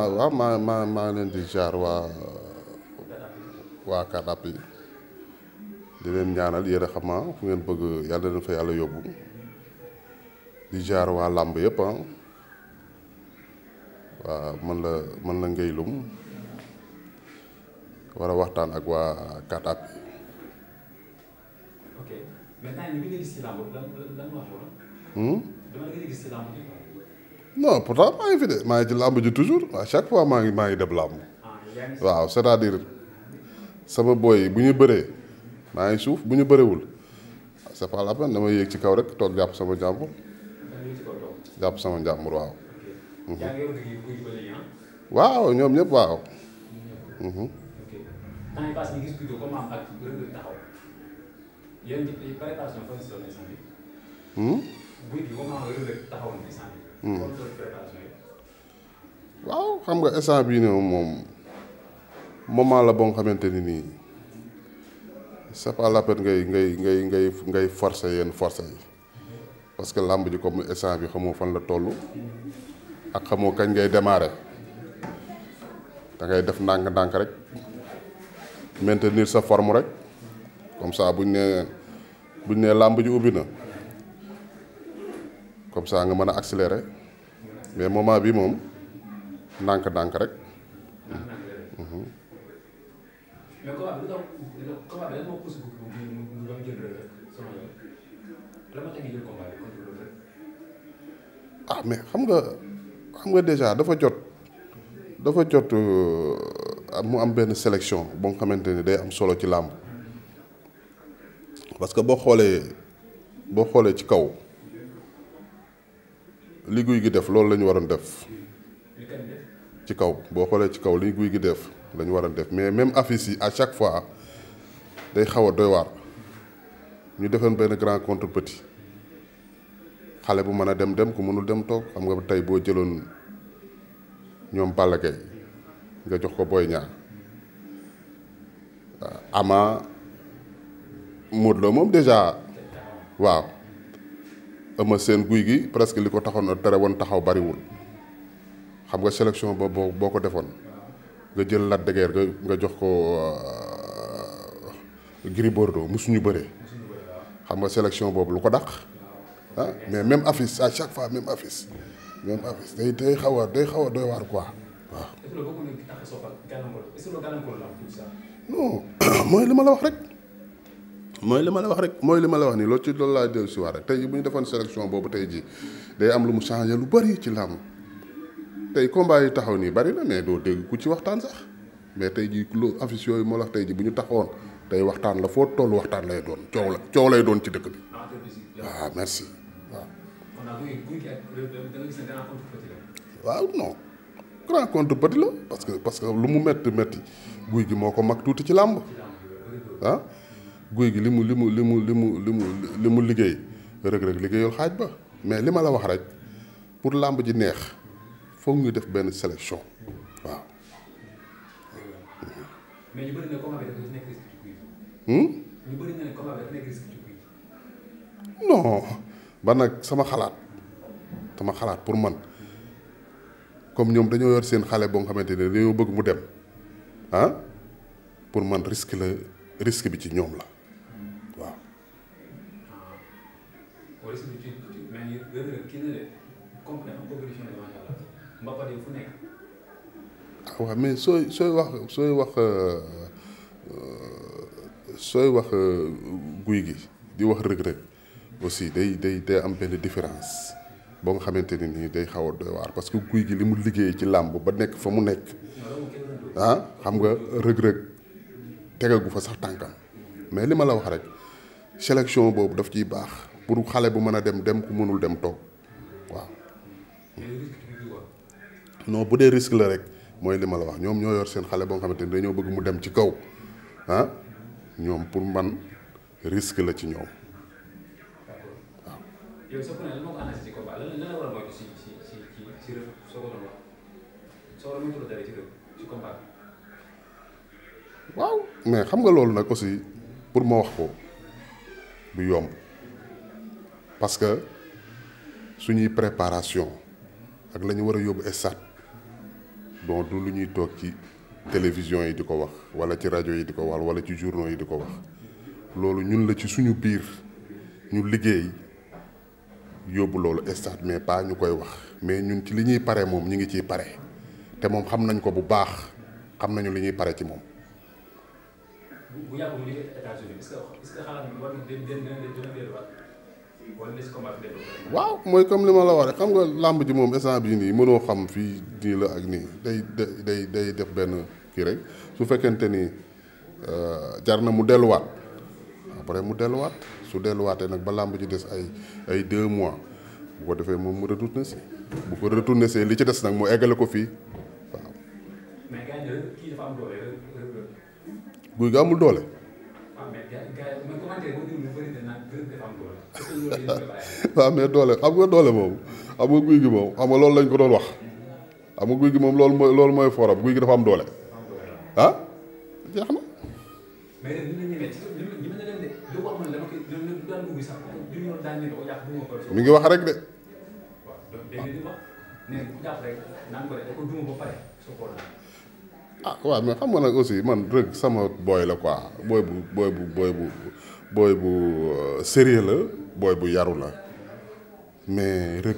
waaw ma maa maa maa leen di jaar waa waa Kadap di leen ñaanal yéen a xamaa ah, fu ngeen bëgg yàlla leen fa yàlla yóbbu di jaar waa làmb yëpp ah waaw man la man la Ngay Loum waxtaan ak waa Kadap hmm? yi. non pourtant maa ngi fi de maa ngi ci làmb ji toujours à chaque fois maa ngi maa ngi dem làmb waaw cest sama booy bu ñu bëree maa ngi suuf bu ñu bëreewul c'est pas la peine dama ci kaw rek toog jàpp sama njàmbur jàpp sama njàmbur waaw. Mhm. waaw ñoom ñëpp waaw. Mhm. Hmm? Hmm? waaw xam nga instant bii nii moom moment la boo nga xamante ni nii c'est pas la ngay ngay ngay ngay ngay forcer yenn forse yi parce que làmb ji comme instant bi xamoo fan la toll ak xamoo kañ ngay démarrer da def ndànk-ndànk rek maintenir sa forme rek comme ça buñ nee buñ nee làmb ji ubbi na comme saa nga mën a accélérer. mais moment bi moom ndànk-ndànk rek. ah mais xam nga xam nga déjà dafa jot dafa jot euh, mu am benn sélection boo nga xamante ni day am solo ci làmb parce que boo xoolee boo xoolee ci kaw. li guy gi def loolu lañu waroon def ci kaw boo xoolee ci kaw li guy gi def la ñu waroon def mais même affiche yi à chaque fois day xaw a doy waar ñu defoon benn grand contre xale bu mën a dem dem ku mënul dem toog xam nga tey boo jëloon ñoom Balla nga jox ko Boy ñaar ama Modou moom déjà waaw Eumeu Sène guy gi presque li ko taxoon a tere woon taxaw bariwul xam nga sélection boobu boo boo ko defoon nga jël Lac de Guiers nga jox ko euh, Gris Bordeaux musuñu bëree xam nga sélection boobu lu ko dàq ah mais même affiche à chaque fois même affiche même affiche day day xaw a day xaw a doy waar quoi waaw. mooy li ma la wax rek. mooy li ma la wax rek mooy li ma la wax nii loolu ci loolu laa dellu si waat rek tey bu ñu defoon sélection boobu tey ji day am lu mu changé lu bari ci làmb tey combat yi taxaw nii bari na mais doo dégg ku ci waxtaan sax mais tey ji lu affiche yooyu moo la tey ji bu ñu taxawoon tey waxtaan la foo toll waxtaan lay doon coow la coow lay doon ci dëkk bi waaw ah, merci waaw. waaw non grand contre la parce que parce que lu mu métti metti guy gi moo ko mag tuuti ci làmb ah? guy gi li mu li mu li mu li mu li mu li mu liggéey rëg-rëg liggéeyul xaaj ba mais li ma la wax rek pour làmb ji neex foog ñu def benn sélection waaw. mais ñu bëri na combat bi dafa nekk risque ci guy. ñu bëri na ne combat bi dafa nekk risque ci guy. Hmm? non ba nag sama xalaat sama xalaat pour man comme ñoom dañoo yor seen xale boo nga xamante ne dañoo bëgg mu dem ah pour man risque la risque bi ci ñoom la. waa yi fu nekk. ah waaw mais sooy sooy wax sooy wax euh, euh, sooy wax euh, guy gi di wax rëg-rëg aussi day day day am benn différence boo nga xamante ni nii day xaw a doy waar parce que guy gi li mu liggéey ci làmb ba nekk fa mu nekk ah xam nga rëg-rëg tegagu fa sax tànkam mais li ma la wax rek sélection boobu daf ciy baax pour xale bu mën a dem dem ku mënul dem toog waaw. non bu dee risque la rek mooy li ma la wax ñoom ñoo yor seen xale boo nga xamante ne dañoo mu dem ci kaw ah ñoom pour man risque la ci ñoom waaw. mais xam nga loolu nag aussi pour ma wax ko du yomb parce que suñuy préparation ak la ñu war a yóbbu stade bon du lu ñuy toog ci télévision yi di ko wax wala ci rajo yi di ko wax wala ci journaux yi di ko wax loolu ñun la ci suñu biir ñu liggéey yóbbu loolu stade mais pas ñu koy wax mais ñun ci li ñuy pare moom ñu ngi ciy pare te moom xam nañ ko bu baax xam nañu li ñuy pare ci moom. waaw mooy comme li ma la waxee xam nga làmb ji moom instant bii nii mënoo xam fii nii la ak nii day day day def benn kii rek su fekkente ni euh, jar na mu delluwaat après mu delluwaat su delluwaatee nag ba làmb ji des ay ay deux mois bu ko defee moom mu retourné si bu ko retourné see li ci des nag mu eggale ko fii waaw. mais guy gi amul doole. Ah, waaw mais doole am nga doole moom xam nga guy gi moom xam nga loolu lañ ko doon wax xam nga guy gi moom loolu mooy loolu mooy foram guy gi dafa am doole ah jeex na. mi ngi wax rek de. ah waaw mais xam nga nag aussi man rek sama booy la quoi booy bu booy bu booy bu booy bu euh, sérieux la. booy bu yaru la mais rëg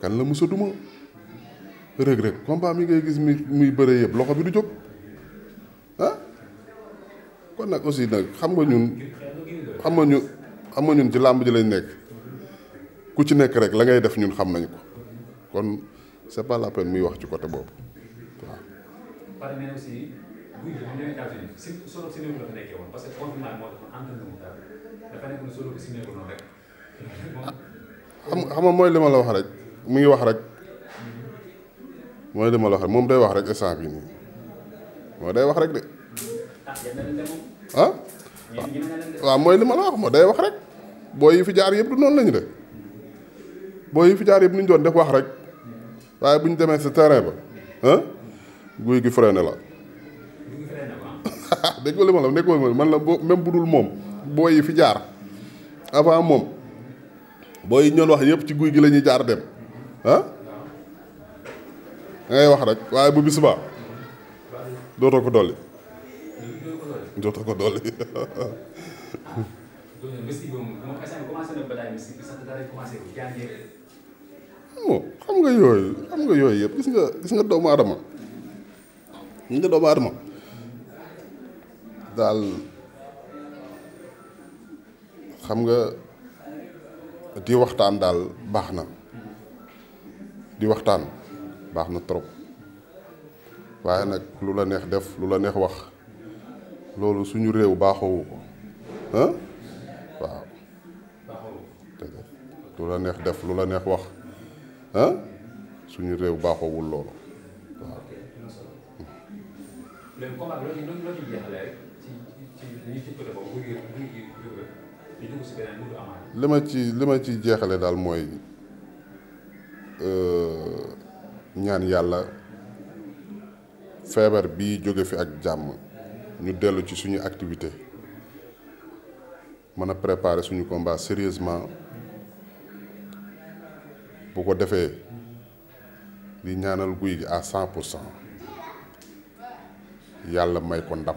kan la musa duma rëg rëg combat mi ngay gis mi muy bëre yëpp loxo bi du jóg ah kon nag aussi nag xam nga ñun xam nga ñu xam ñun ci làmb ji lañ nekk ku ci nekk rek la ngay def ñun xam nañ ko kon c'est pas la peine muy wax ci côté boobu bu na solo xam nga mooy li ma wax rek mu ngi wax rek mooy li moom day wax rek instant bii nii moo day wax rek de. ah. ah? waaw mooy li ma wax moo day wax rek boo yi fi jaar yëpp du noonu lañu de booy yi fi jaar yëpp ni ñu doon def wax rek waaye bu ñu demee sa terrain ba ah guy gi freiné la. dégg nga li ma la nekkoo man la boo même bu dul moom booy yi fi jaar avant moom booy yi ñoon wax yépp ci guy gi lañuy jaar dem ah da wax rek waaye bu bis ba dootoo ko dolli. dootoo ko dolli. bon xam nga yooyu xam nga yooyu yëpp gis nga gis nga doomu aadama gis nga doomu aadama. daal xam nga di waxtaan daal baax na di waxtaan baax na trop waaye nag lu la neex def lu la neex wax loolu suñu réew baaxoowu ko ah lu la neex def lu la neex wax suñu réew baaxoowul loolu waaw li ma ci li ma ci jeexale daal mooy euh, ñaan yàlla feebar bi jóge fi ak jàmm ñu dellu ci suñu activité mën a préparer suñu combat sérieusement bu ko defee di ñaanal guy gi à cent pour cent yàlla may ko ndam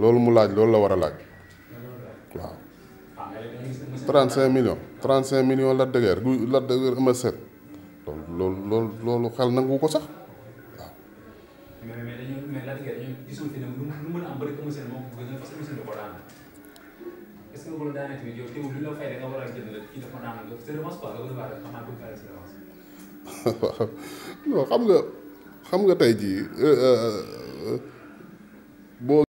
loolu mu laaj loolu la war a laaj waaw. 35 millions 35 millions Lac de Guiers gu Lac de Guiers Eumeu loolu loolu xel nangu ko sax waaw. la daanee tamit yow teewul ko faire c'est xam nga xam nga tey jii euh, euh, euh, boo.